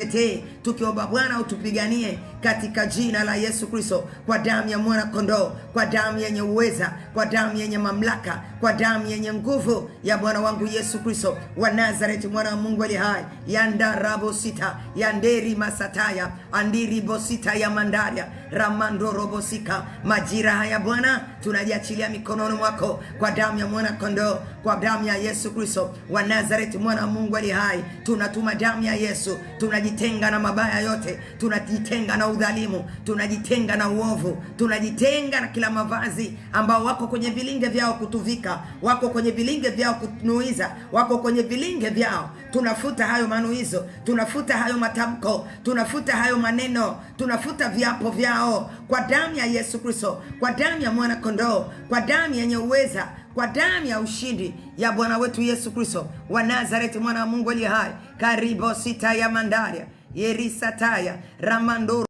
对。tukiomba Bwana utupiganie katika jina la Yesu Kristo, kwa damu ya mwana kondoo, kwa damu yenye uweza, kwa damu yenye mamlaka, kwa damu yenye nguvu ya Bwana wangu Yesu Kristo wa Nazareti, mwana wa Mungu aliye hai. yandarabosita yanderi masataya andiri bosita ya mandaria ramando robosika. Majira haya Bwana tunajiachilia mikononi mwako, kwa damu ya mwana kondoo, kwa damu ya Yesu Kristo wa Nazareti, mwana wa Mungu aliye hai. Tunatuma damu ya Yesu, tunajitenga na mabaya yote, tunajitenga na udhalimu, tunajitenga na uovu, tunajitenga na kila mavazi ambao wako kwenye vilinge vyao kutuvika, wako kwenye vilinge vyao kutunuiza, wako kwenye vilinge vyao. Tunafuta hayo manuizo, tunafuta hayo matamko, tunafuta hayo maneno, tunafuta viapo vyao kwa damu ya Yesu Kristo, kwa damu ya mwana kondoo, kwa damu yenye uweza kwa damu ya ushindi ya Bwana wetu Yesu Kristo wa Nazareti, mwana wa Mungu aliye hai. karibo sita ya mandaria yerisataya ramando